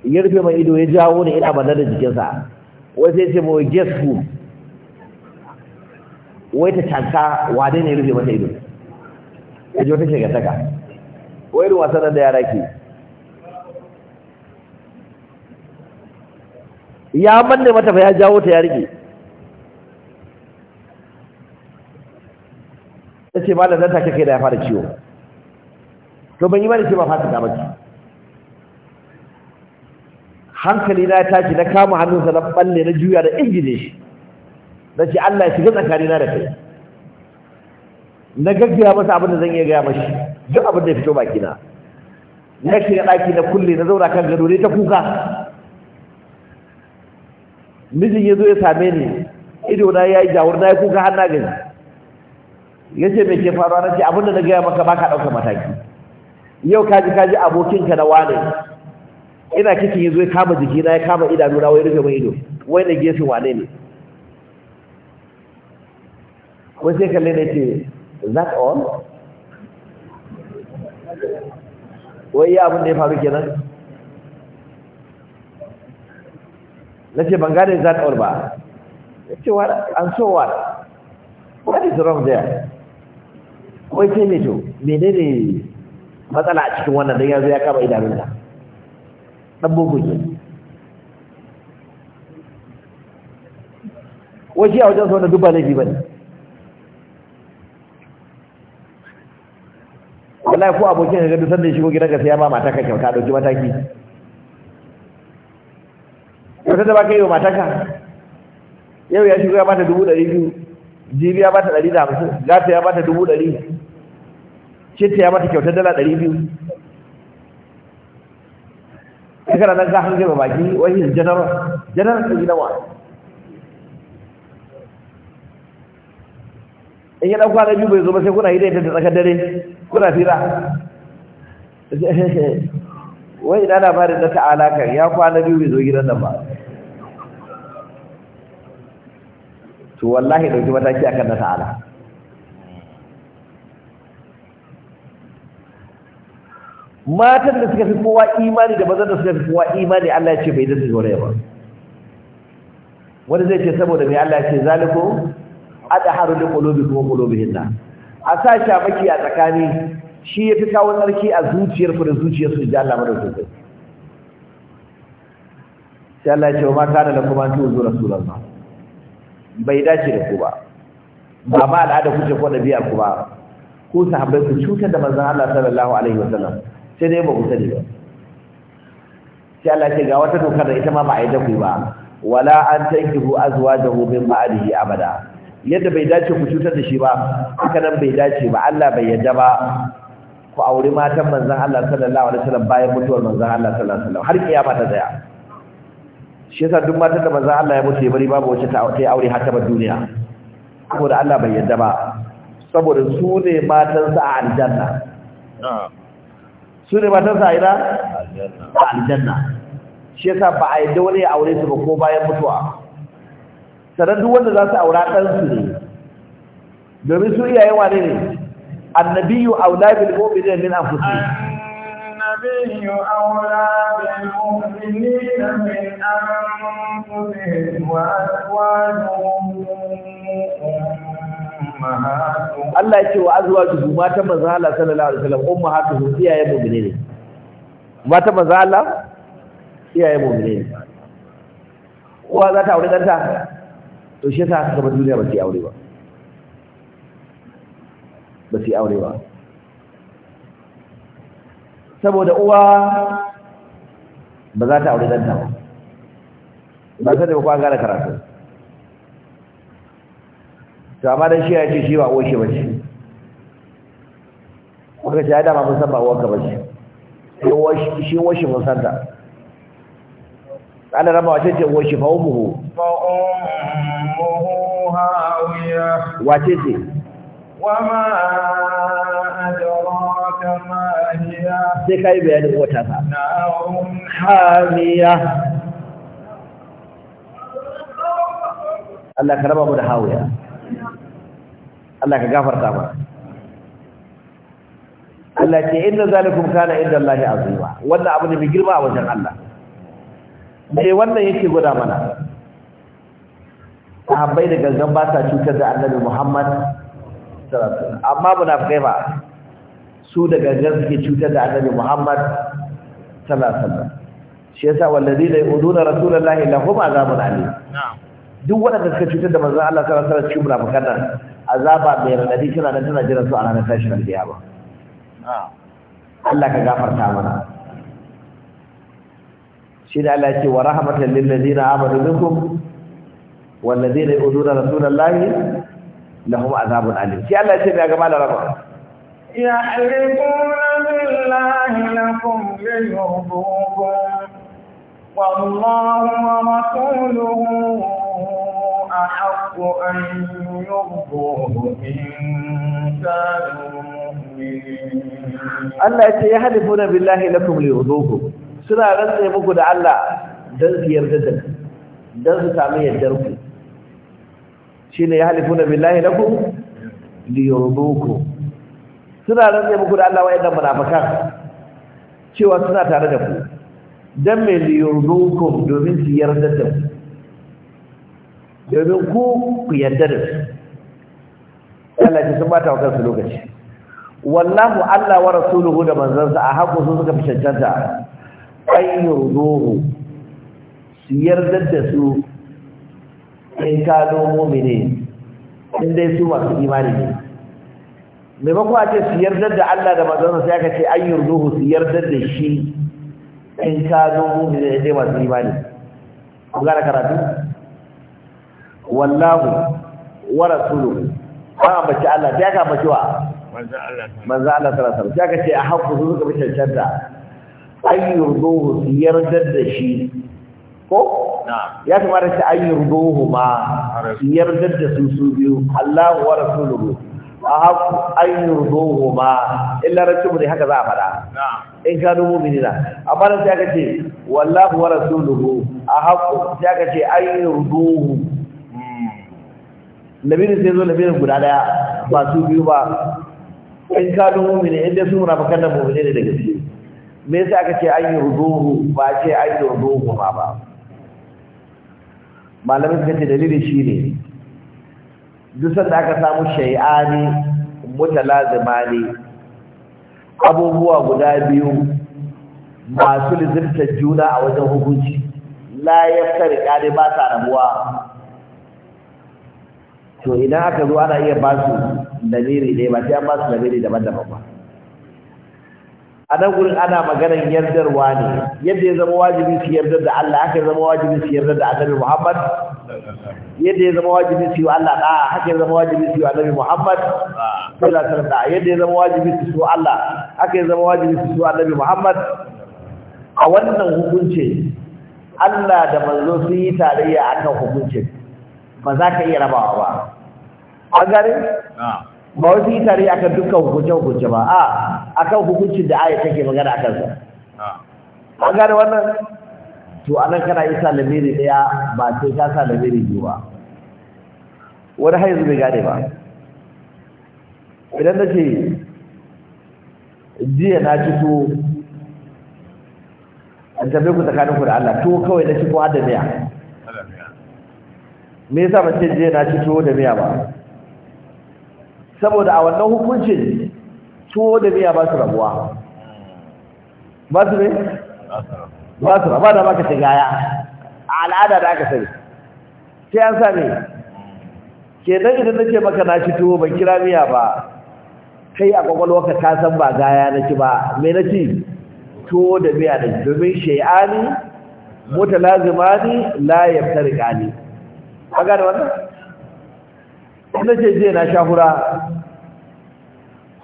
ya rufe mai ido ya jawo ne ina banna da jikinsa wai sai ce mawai guess who wai ta canka wane ne rufe mata ido ka jo take ga saka wai ruwa sanar da yara ke ya manne mata fa ya jawo ta ya rike ce ba da zanta kai da ya fara ciwo to ban yi ba ce ba fata ba ce hankali na tashi na kama hannunsa na balle na juya da injine shi na ce Allah ya shiga tsakanina da kai na gaggiya masa abin da zan iya gaya mashi duk abin da ya fito baki na na shiga ɗaki na kulle na zauna kan gado ne ta kuka mijin ya zo ya same ni ido na ya yi jawur na ya kuka har na gani ya ce mai ke faruwa na ce abin da na gaya maka ba ka ɗauka mataki yau kaji kaji abokinka na wane ina kicin ya zo ya kama jikina ya kama idanu na wai rufe mai ido wai na gefe wane ne wai sai kalle na ce is that all wai ya abin da ya faru kenan na ce ban gane that all ba Na ce what and so what what is wrong there wai ce ne to ne matsala a cikin wannan don yanzu ya kama idanun da? ɗan bugu ne shi a wajen sau na duba laifi ba ne wallahi ko abokin ka ga duk sanda shigo gidanka sai ya ma mata ka kyauta dauki mataki wata da baka yi wa mataka yau ya shigo ya bata dubu ɗari biyu jibi ya bata ɗari da hamsin gata ya bata dubu ɗari citta ya bata kyautar dala ɗari biyu shekara nan ka hange ba baki wani janar janar ta gina wa in yi ɗan kwana biyu bai zo ba sai kuna yi da ita da tsakar dare kuna fira wai ina labarin na ta'ala kan ya kwana biyu bai zo gidan nan ba to wallahi dauki mataki akan na ta'ala matan da suka fi kowa imani da bazan da suka fi kowa imani Allah ya ce bai zai zaure ba wanda zai ce saboda mai Allah ya ce zalikum adharu liqulubikum wa qulubihinna a sa shafaki a tsakani shi ya fi kawo tsarki a zuciyarku da su ji Allah madaukakin da sai Allah ya ce ma kana da kuma tu zu rasulullah bai dace da ku ba ba ma al'ada kuce ko dabi'a ku ba ku sahabbai ku cutar da manzon Allah sallallahu alaihi wasallam sai dai ba ku sani ba sai Allah ce ga wata dokar da ita ma ba a yi da ku ba wala an tankihu azwajahu min ma'alihi abada yadda bai dace ku cutar da shi ba haka nan bai dace ba Allah bai yarda ba ku auri matan manzon Allah sallallahu alaihi wasallam bayan mutuwar manzon Allah sallallahu alaihi wasallam har kiyama ta tsaya shi yasa duk matan da manzon Allah ya mutu ya bari babu wacce ta aure har ta bar duniya saboda Allah bai yarda ba saboda su ne matansa a aljanna su ne matansa a ina? a aljanna shi yasa ba a yadda wani ya aure su ba ko bayan mutuwa sannan duk wanda za su aura ɗansu ne domin su iyaye yawa ne annabiyu aula bil mu'minin min anfusihim annabiyu aula bil mu'minin min anfusihim wa Allah ya ce wa azwajuhu mata mazala sallallahu alaihi wasallam su iyayen mu'mini ne mata mazala iyaye iyayen mu'mini ne uwa za ta dan danta to shi yasa aka bar duniya ba su yi aure ba ba su yi aure ba saboda uwa ba za ta aure danta ba ba sai da an gara karatu to amma dan shi ya ce shi ba uwar shi bace kuka ce dama mun san ba uwar ka bace shi uwar shi mun san ta ana rama wace ce uwar shi fa umuhu fa umuhu أمه هاوية وما أدراك ما هي وتفا نار حامية الله كرمه من هاوية الله كغفر Allah ce inna zalikum kana inda Allah azima wannan abu ne mai girma a wajen Allah me wannan yake gwada mana sahabbai da gangan ba sa cutar da annabi Muhammad sallallahu alaihi wasallam amma munafikai ba su da gangan suke cutar da annabi Muhammad sallallahu alaihi wasallam shi yasa da yu'duna rasulullahi lahum azabun ali duk waɗanda suka cutar da manzon Allah sallallahu alaihi wasallam cikin munafikan nan azaba mai radadi tana nan tana jira su a ranar tashin ba, Allah ka gafarta mana shi da Allah ya ce wa rahmatan lil ladina amanu minkum والذين يؤذون رسول الله لهم عذاب أليم في الله يسمي يا جماعة رب يحلفون بالله لكم ليرضوكم والله ورسوله أحق أن يرضوه إن كانوا Allah ya ce ya halifu na billahi lakum li yuzuku suna rantsa muku da Allah dan yarda da dan su samu yardar ku shine yahlifuna billahi lakum liyurduku suna rantsa muku da Allah wayannan munafikan cewa suna tare da ku dan me liyurdukum domin su yarda da ku domin ku ku yarda da su Allah ya san bata wakan su lokaci wallahu Allah wa rasuluhu da manzansa a haƙo su suka fi cancanta ayyurduhu su yarda da su in kano mumini in dai su masu imani ne maimako a ce su yardar da Allah da manzansa sai aka ce an yurduhu su yardar da shi in kano mumini in dai masu imani ku gane karatu wallahu wa rasuluhu ba a bace Allah sai aka bace wa manzan Allah sallallahu alaihi sai aka ce a hakku su suka bi cancanta an yurduhu su yardar da shi ko ya kamata ta rubuhu ma yarda da su su biyu Allah wa rasuluhu ahab rubuhu ma illa rasul ne haka za a fada in ka dubo minina amma da sai ka ce wallahu wa rasuluhu ahab sai ka ce ayyurduhu hmm. labirin sai zo labirin guda daya ba su biyu ba in ka dubo mini inda su munafikan da mu ne da gaske me yasa aka ce rubuhu ba ce rubuhu ma ba malamai suka ce dalilin shi ne duk sanda aka samu shay'ani mutalazimani abubuwa guda biyu masu lizimtar juna a wajen hukunci la ya kare kare ba ta rabuwa to idan aka zo ana iya ba su damiri ne ba sai an ba su daban-daban ba a nan gurin ana maganar yardarwa ne yadda ya zama wajibi su yardar da Allah haka ya zama wajibi su yardar da Annabi Muhammad yadda ya zama wajibi su yi Allah da haka ya zama wajibi su yi Annabi Muhammad sallallahu alaihi wasallam yadda ya zama wajibi su so Allah haka ya zama wajibi su so Annabi Muhammad a wannan hukunci Allah da manzo sun yi tarayya akan hukuncin ba za ka iya rabawa ba an na'am ba wasu yi tare akan dukkan hukunce-hukunce ba a akan hukuncin da aya take magana a kansa ah. an gane wannan to anan kana isa lamiri daya ba sai ka sa lamiri biyu ba wani haizu bai gane ba idan na ce jiya na ci to an tabe ku tsakaninku da Allah to kawai na ci ko har da miya me yasa ban ce jiya na ci to da miya ba saboda a wannan hukuncin tuwo da miya ba su rabuwa ba su ne? ba su rabuwa da maka ce gaya a al'ada da aka sani sai an sa ke nan idan na ce maka na ci tuwo ban kira miya ba kai a kwakwalwarka ka san ba gaya na ci ba mai na ci tuwo da miya da domin shai'ani mutalazimani la yaftarqani kaga da wannan na ce je na sha hura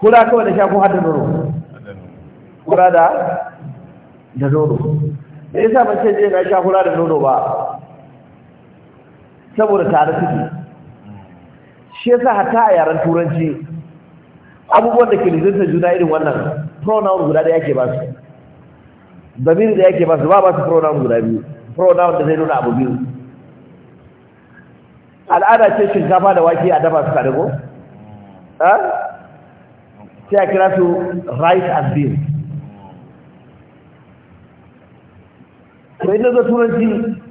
hura kawai da sha ko hada nono hura da da nono da yasa ban ce je na sha hura da nono ba saboda tare suke shi yasa hatta a yaren turanci abubuwan da ke lizinta juna irin wannan pronoun guda da yake ba su damir da yake ba su ba ba su pronoun guda biyu pronoun da zai nuna abu biyu al'ada ce shinkafa da wake a dafa su karigo? ha? sai a kira su rice and beans to inda zai turanci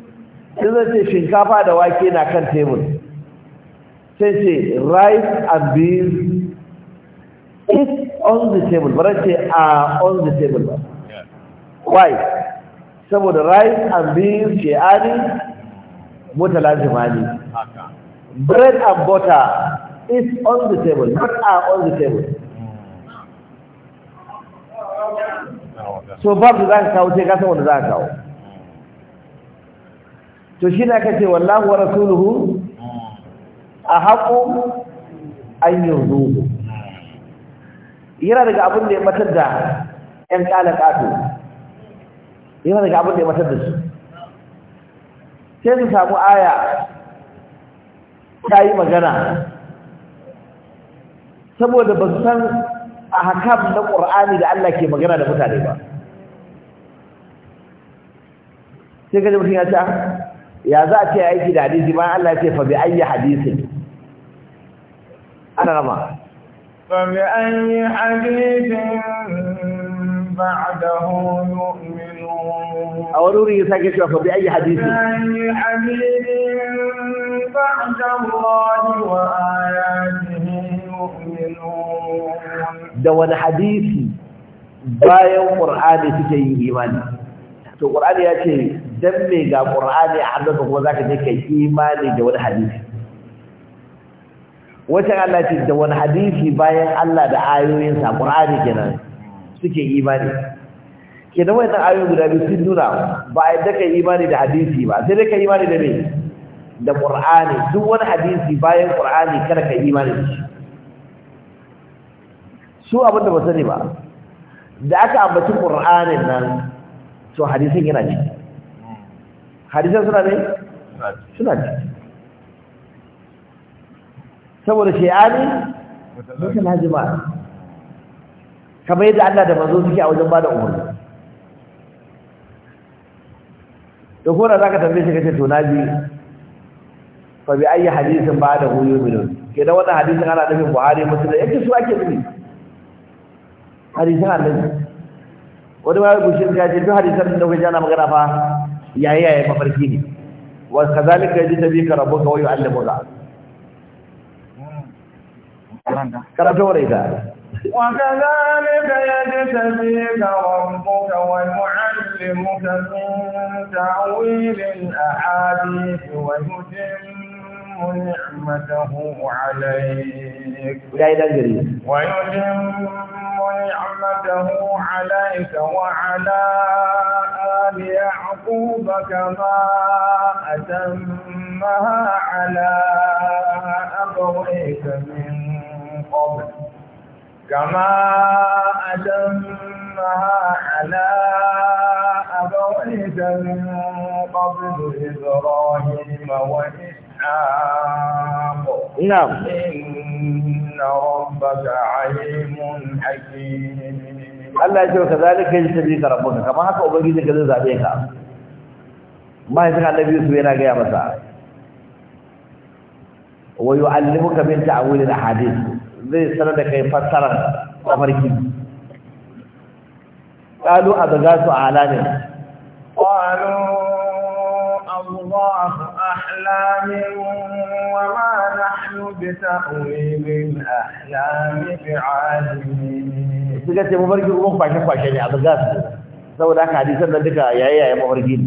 zai ce shinkafa da wake na kan tebur sai ce rice and beans is on the table bari ce a on the table ba why saboda rice and beans ke ari. lazima ne bread and butter is on the table not are on the table hmm. so babu za ka kawo sai ka san wanda za ka kawo to shi na kace wallahu wa rasuluhu hmm. a haƙo an yurduhu yana daga abin da ya matar da ƴan ƙala ƙato yana daga abin da ya matar da su sai su samu aya ta yi magana saboda ba su san a hakam na ƙur'ani da Allah ke magana da mutane ba sai gaji mutum ya ce ah, ya za a ce aiki da hadisi bayan Allah ya ce fa bi ayyi hadisin ana rama fa bi ayyi hadisin ba'dahu yu'minu a wani wuri ya sake cewa fabi ayi hadisi da wani hadisi bayan qur'ani suke yin imani to qur'ani ya ce dan me ga qur'ani a hannunka kuma zaka je kai imani da wani hadisi wata Allah ce da wani hadisi bayan Allah da ayoyinsa qur'ani kenan suke imani ke da wannan ayoyi guda biyu sun nuna ba a yadda kai imani da hadisi ba sai dai kai imani da me da qur'ani duk wani hadisi bayan qur'ani kada kai imani da shi su abin da ba sani ba da aka ambaci qur'anin nan to hadisin yana ne hadisan suna ne suna ne saboda shay'ani mutum hajjima kamar yadda Allah da manzo suke a wajen bada umarni To kona za ka tambaye shi kace to na bi fa bi ayi hadisin ba da huyu minun ke da wannan hadisin ana nufin buhari musulun yake su ake nufi hadisin annabi wani ma yau gushin ka ce duk hadisan da kuke jana magana fa yayi yayi mafarki ne wa kazalika yaji tabi ka rabu ka wayu allamuka karanta wa raita wa kazalika yaji tabi ka rabbuka wal mu'min يعلمك من تعويل الأحاديث ويتم نعمته عليك ويتم نعمته عليك وعلى آل يعقوب كما أتمها على أبويك من قبل كما أتمها على ورث من قبل إبراهيم وإسحاق نعم إن ربك عليم حكيم Allah ya ce kazalika yajtabika rabbuka kamar haka ubangiji ka zai zaɓe ka mahaifin annabi su yana gaya masa wa yu'allimuka min ta'wil al-ahadith zai sanar da kai fassarar tafarki qalu ala alamin قالوا الله أحلام وما نحن بتأويل الأحلام بعالمين suka ce mafarki ruwan kwashe-kwashe ne a bugas saboda haka hadisan nan duka yayaye mafarki ne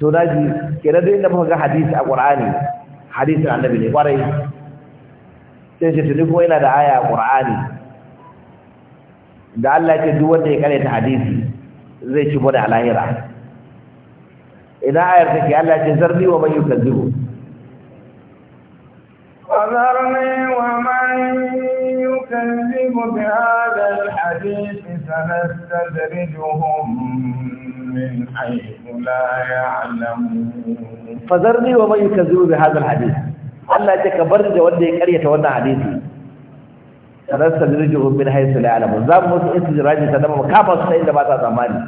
to na ji kenan da inda muka ga hadisi a qur'ani hadisin annabi ne kwarai sai ce tuni kuma yana da aya a qur'ani da Allah ya ce duk wanda ya kare ta hadisi زي شبوني على هيرا إذا آيرتك ألا تزرني ومن يكذبه وذرني ومن يكذب بهذا الحديث سنستدرجهم من حيث لا يعلمون فذرني ومن يكذب بهذا الحديث الله تكبر جوالي كريت وانا حديثي sanarsa da rijo min haisu la alamu za mu mutu istijraji ta dama kama su ta inda ba ta tsammani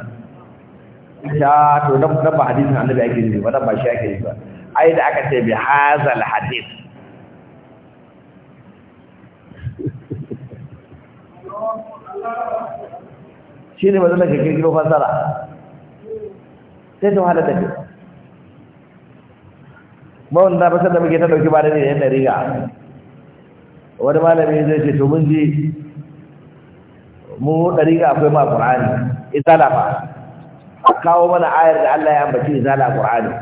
ta to nan ba hadisin annabi ake nufi ba nan ba shi ake nufi ba ai da aka ce bi hazal hadith shi ne matsalar ka kirkiro fasara sai ta wahala tafi mawanda fasar da muke ta dauki ba da ne yan riga wani malami zai ce to mun ji mu ga akwai ma qur'ani izala ba a kawo mana ayar da Allah ya ambaci izala qur'ani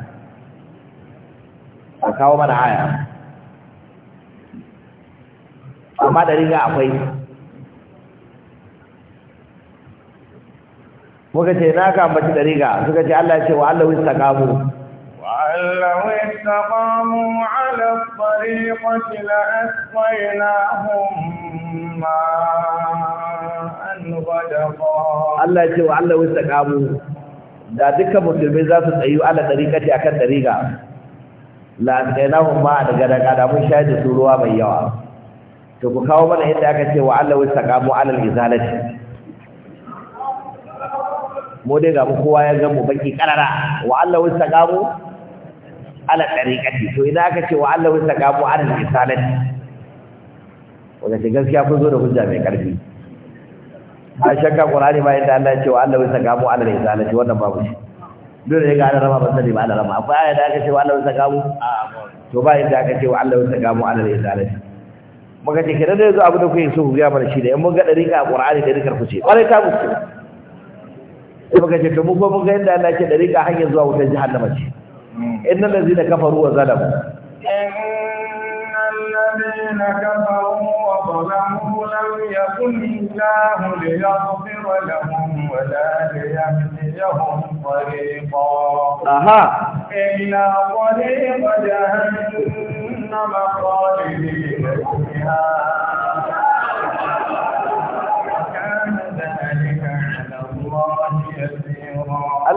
a kawo mana aya amma ga akwai muka ce na ka ambaci ga, suka ce Allah ya ce wa Allah wistaqamu wa Allah استقاموا على الطريقة لأسقيناهم ماء غدقا الله يتوى على استقاموا da dukkan مسلمين za su tsayu طريقة dariƙati akan dariƙa la tsayanahum ma daga daga da mun shayar da su mai yawa to ku kawo mana inda aka ce wa Allah ala al mu ga mu kowa ya ga mu baki karara wa Allah ala tariqati to idan aka ce wa Allah wasta mu anil risalati wanda ce gaskiya kun zo da hujja mai karfi a shakka qur'ani ma yadda Allah ya ce wa Allah wasta mu ala risalati wannan babu shi dole ne ga Allah rama ba sani ba Allah rama akwai aya da aka ce wa Allah wasta gabu to ba yadda aka ce wa Allah wasta mu ala risalati muka ce kenan da yanzu abu da kuke so ku gaya mana shi da in mun ga dariƙa qur'ani da dariƙar ku ce ƙwarai ta musu sai muka ce to mu ko mun ga yadda Allah ya ce dariƙa hanyar zuwa wutar jahannama ce ان الذين كفروا وظلموا ان الذين كفروا وظلموا لم يكن الله ليغفر لهم ولا ليهديهم طريقا أها إلا طريق جهنم خالدين فيها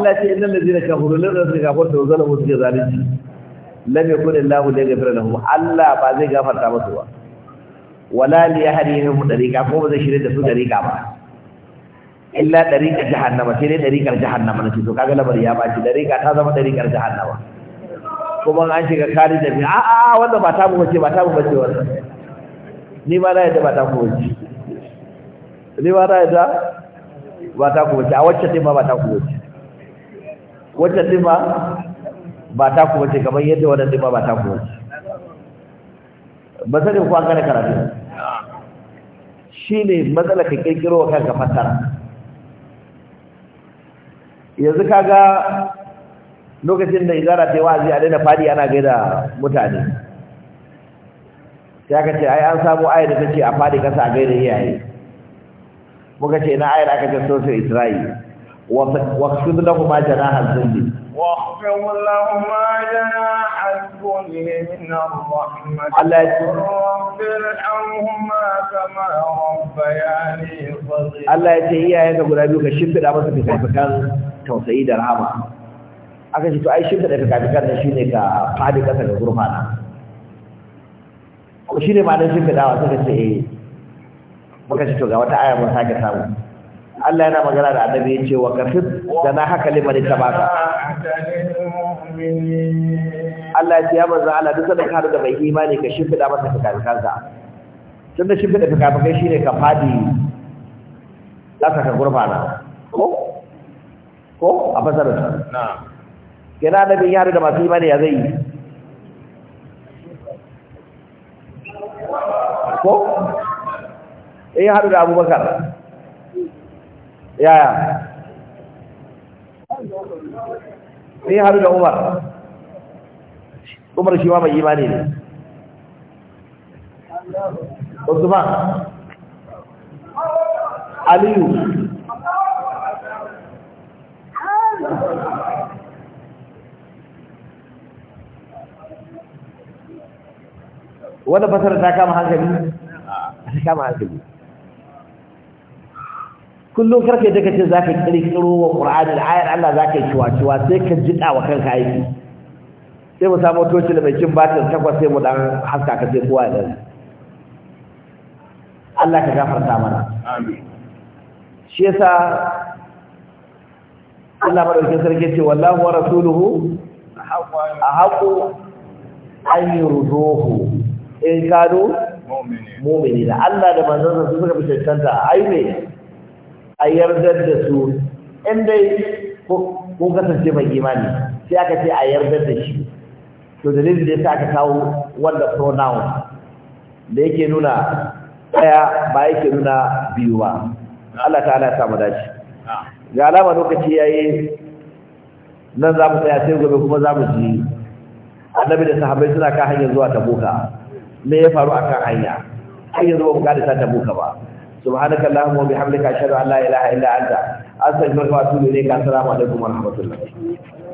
Allah ce inna ladina kafaru lan ka fa tawzana wa suke zalunci lam yakun Allahu la yaghfir lahum Allah ba zai gafarta musu ba wala li yahdihim dariqa ko ba zai shirye da su dariqa ba illa dariqa jahannama shirye dai dariqar jahannama ne to kaga lamari ya shi dariqa ta zama dariqar jahannama kuma an shiga kari da a a wanda ba ta mu bace ba ta mu bace wannan ni ba na yadda ba ta mu bace ni ba na yadda ba ta ku bace a wacce sai ba ba ta ku bace wata dima ba ta ku bace kamar yadda wannan dima ba ta ku bace ba sai ku an gane karatu shine matsala ka kirkiro kanka fasara yanzu kaga lokacin da izara ta yi wa'azi a daina fadi ana gaida mutane sai aka ce ai an samu ayi da ta ce a fadi kasa a gaida iyaye muka ce na da aka ce sosai isra'i واخفض لهما جناح الذل واخفض لهما جناح الذل من الرحمة رب ارحمهما كما ربياني صغيرا الله يتهيأ يا غدا بيو كشفت da masa fikafikan tausayi da rahama aka shi to ai shifta da shi da ka fadi kasa ga ko shine ma dan dawa suka ce eh muka shi to ga wata aya mun sake samu Allah yana magana da annabi yace wa kafir da na haka liman tabaka Allah ya manzo Allah duk da ka da mai imani ka shimfiɗa masa fikafikansa da shimfiɗa fikafikai shine ka fadi zaka ka na. ko ko a fasarar na kina annabi ya da masu imani ya zai yi ko eh ya haɗu da abubakar yaya ne haɗu da umar umar shi ma mai imani ne usman aliyu wanda fasara ta kama hankali ta kama hankali kullum karka da kace zaka kiro wa qur'ani ayar Allah zaka yi ciwa sai ka jida wa kanka aiki sai mu samu toci da bakin batin takwas sai mu dan haska ka je kowa ya Allah ka gafarta mana amin shi yasa Allah madaukakin sarki ce wallahu wa rasuluhu ahaqu an yurduhu in eh, kanu mu'minina Allah da manzon sa suka fi tantance ai ne a yardar da su in dai ko kasance mai imani sai aka ce a yardar da shi to dalilin da sa aka kawo wanda pronoun da yake nuna daya ba yake nuna biyu ba Allah ta'ala ya samu dace ga alama lokaci yayi nan za mu tsaya sai gobe kuma za mu ji annabi da sahabbai suna kan hanyar zuwa tabuka me ya faru akan hanya har yanzu ba mu kada ta tabuka ba subhanakallahumma wa bihamdika ashhadu an la ilaha illa anta astaghfiruka wa atubu ilayka assalamu alaikum wa rahmatullahi